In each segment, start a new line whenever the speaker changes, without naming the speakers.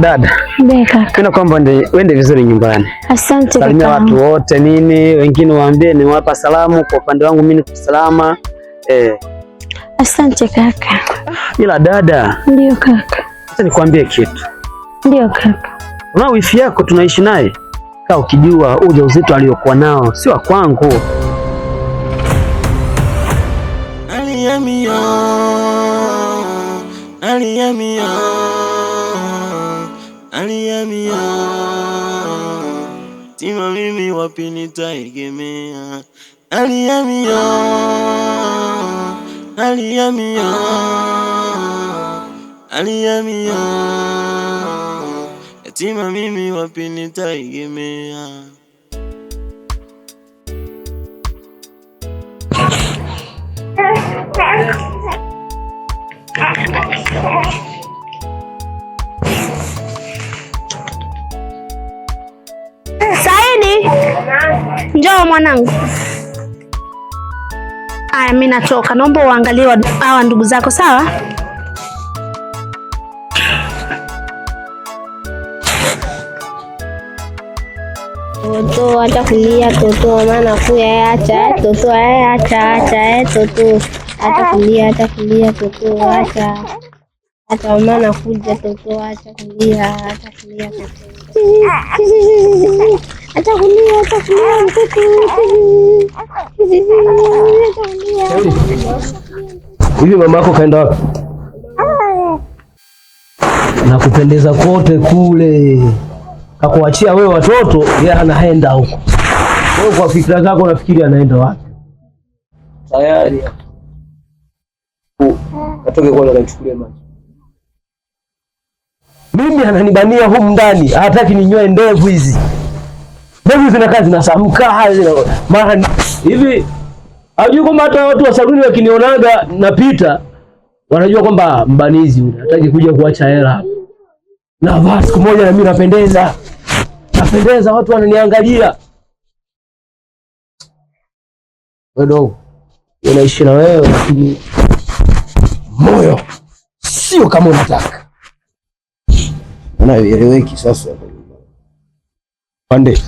Dada penda kwamba uende vizuri nyumbani. Asante salimia watu wote nini, wengine waambie wapa salamu kwa upande wangu mimi salama. eh.
Asante kaka.
Ila dada,
ndio kaka,
sasa nikwambie kitu.
Ndio kaka,
una wifi yako tunaishi naye, kaa ukijua ujauzito aliyokuwa nao si wa kwangu Aliyamia. Aliyamia. Alihamia tima mimi wapi nitaegemea? Alihamia, alihamia,
alihamia tima mimi wapi nitaegemea? mwanangu. Aya, mimi natoka, naomba uangalie hawa ndugu zako, sawa? Toto acha kulia Toto, maana kuya acha Toto, acha acha Toto, acha kulia, acha kulia Toto, acha acha maana kuja Toto, acha kulia, acha kulia Toto. Atakulia, atakulia mtoto.
Hivi mama yako kaenda wapi? Na kupendeza kote kule kakuachia wewe watoto, yeye anaenda huko. Wewe kwa fikra zako nafikiri anaenda wapi? Tayari. atoke kwanza kanichukulie maji. Mimi ananibania humu ndani, hataki ninyoe ndevu hizi. Ndevu zinakaa zinasamka mara hivi. Hajui kwamba hata watu wa saluni wakinionaga napita, wanajua kwamba mbanizi hataki kuja kuacha hela na Navaa siku moja na mimi napendeza, napendeza, watu wananiangalia. Wewe unaishi na wewe, lakini moyo sio kama unataka anayoeleweki. Sasa pande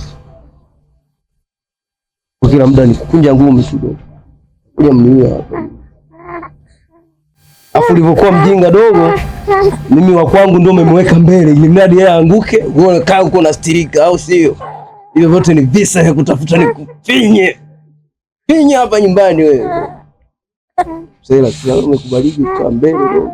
kwa kila muda ni kukunja ngumi kidogo, kuja mniua hapa. Afu ulivyokuwa mjinga dogo, mimi wa kwangu ndio umemweka mbele, ili mradi yeye aanguke, wewe kaa huko stirika, au sio? Hivyo vyote ni visa ya kutafuta kufinye finye hapa nyumbani wewe. Sasa umekubaliki kwa mbele dogo.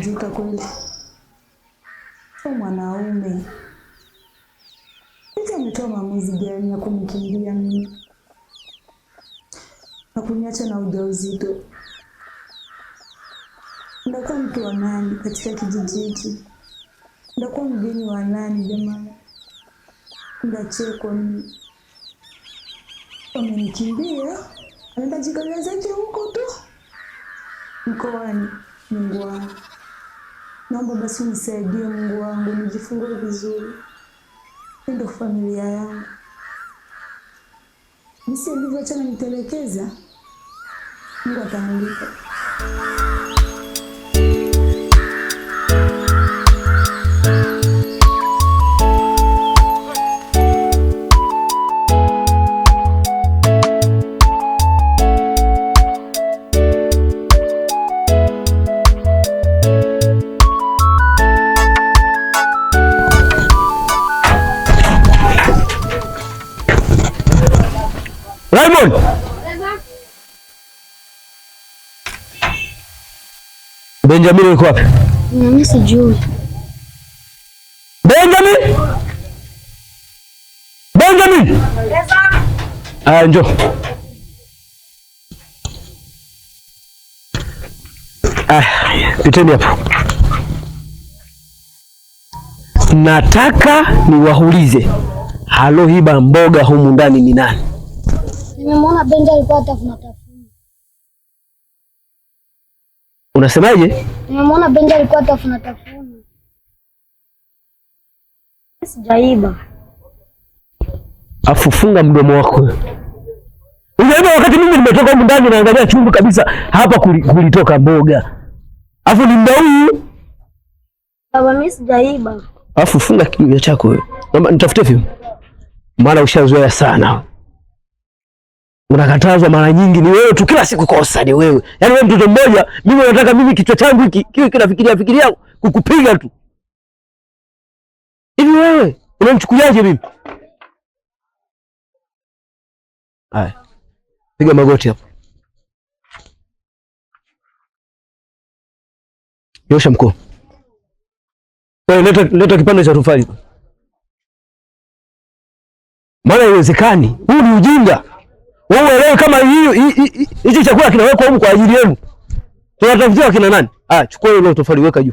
kuvunjika kweli, sio mwanaume. Binti ametoa maamuzi gani ya kumkimbia mimi na kuniacha na ujauzito? Ndakuwa mtu wa nani katika kijiji hiki? Ndakuwa mgeni wa nani jamani? Ndachekwa mimi. Amenikimbia, anaenda jikaliazake huko tu mkoani. Mungu wangu. Naomba basi unisaidie Mungu wangu, nijifungue vizuri, ndo familia yangu nisi livyochana nitelekeza, Mungu atamlipa.
Raymond. Benjamin yuko wapi?
Mimi sijui.
Benjamin? Benjamin. Ah, njoo. Ah, piteni hapo. Nataka niwaulize. Halo hiba mboga humu ndani ni nani?
Nimemwona Benja alikuwa atafuna tafuna.
Unasemaje?
Nimemwona Benja alikuwa atafuna tafuna. Sijaiba.
Afu funga mdomo wako. Unaiba wakati mimi nimetoka huko ndani naangalia chungu kabisa hapa kulitoka mboga. Afu ni mda huyu.
Baba mimi sijaiba.
Afu funga kinywa chako wewe. Nitafute vipi? Maana ushazoea sana unakatazwa mara nyingi, ni wewe tu, kila siku kosa ni wewe. Yaani wewe mtoto mmoja, mimi nataka mimi kichwa changu hiki kiwe kinafikiria fikiria kukupiga tu hivi. Wewe unamchukuliaje mimi? Haya, piga magoti hapo, nyosha mkono. Eh, leta, leta kipande cha tofali, maana iwezekani. Huu ni ujinga. Wewe uelewe kama hicho chakula kinawekwa huko kwa ajili yenu. Tunatafutia kina nani? Ah, chukua ile tofali weka juu.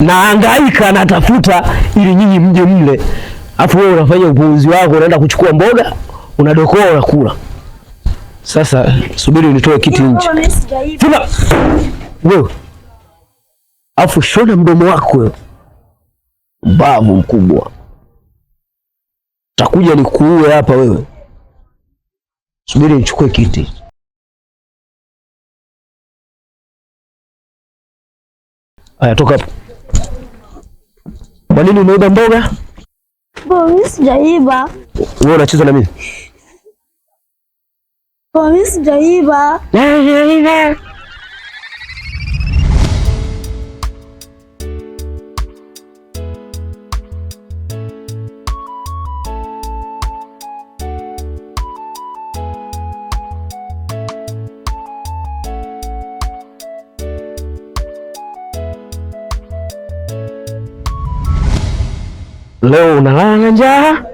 Naangaika natafuta ili nyinyi mje mle. Afu wewe unafanya upuuzi wako, unaenda kuchukua mboga, unadokoa unakula. Sasa subiri nitoe kiti nje. Tuna wewe. Afu shona mdomo wako wewe. Babu mkubwa takuja nikuue hapa wewe. Subiri nichukue kiti. Aya, toka hapo. Kwa nini umeiba mboga?
Mimi sijaiba.
Wewe unacheza na mimi?
Mimi sijaiba.
Leo unalala na njaa,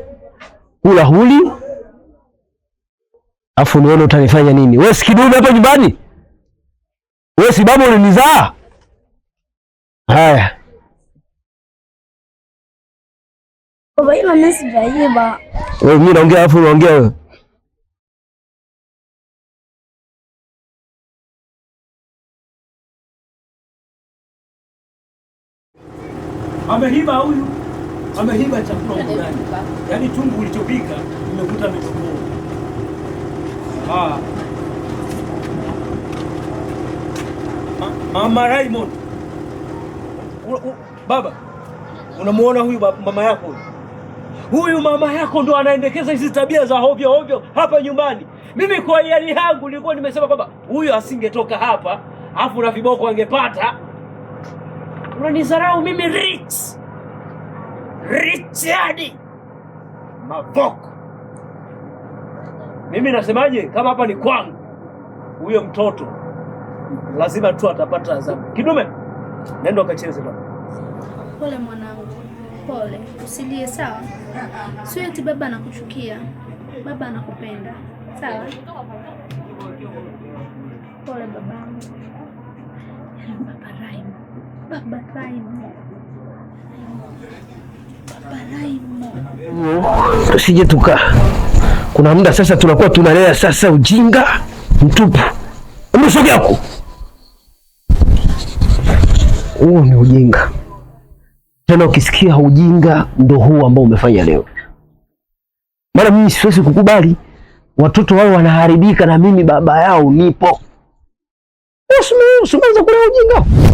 hula huli, afu nione utanifanya nini? Wewe si kidume hapa nyumbani? Wewe si baba ulinizaa? Haya
baba, ila mimi sijaiba.
Wewe mimi naongea, afu unaongea wewe. Ameiba huyu ama hiba chakula huko ndani, yaani tumbo ulichopika imekuta amechokoa. Ah, Mama Raymond, baba, unamuona huyu mama yako huyu? mama yako ndo anaendekeza hizi tabia za hovyo hovyo hapa nyumbani. Mimi kwa hiari yangu nilikuwa nimesema kwamba huyu asingetoka hapa, afu na viboko angepata. Unanizarau mimi Rich. Richard Mavoko. Mimi nasemaje, kama hapa ni kwangu, huyo mtoto lazima tu atapata adhabu. Kidume, nenda ukacheze baba.
Pole mwanangu, pole, usilie sawa. Sio eti baba anakuchukia, baba anakupenda sawa. Pole babangu. Baba Raimu, baba Raimu
tusije tuka kuna muda sasa tunakuwa tunalea sasa ujinga mtupu umesogea huo ni ujinga tena ukisikia ujinga ndo huu ambao umefanya leo maana mimi siwezi kukubali watoto wao wanaharibika na mimi baba yao nipo usimeweza kula ujinga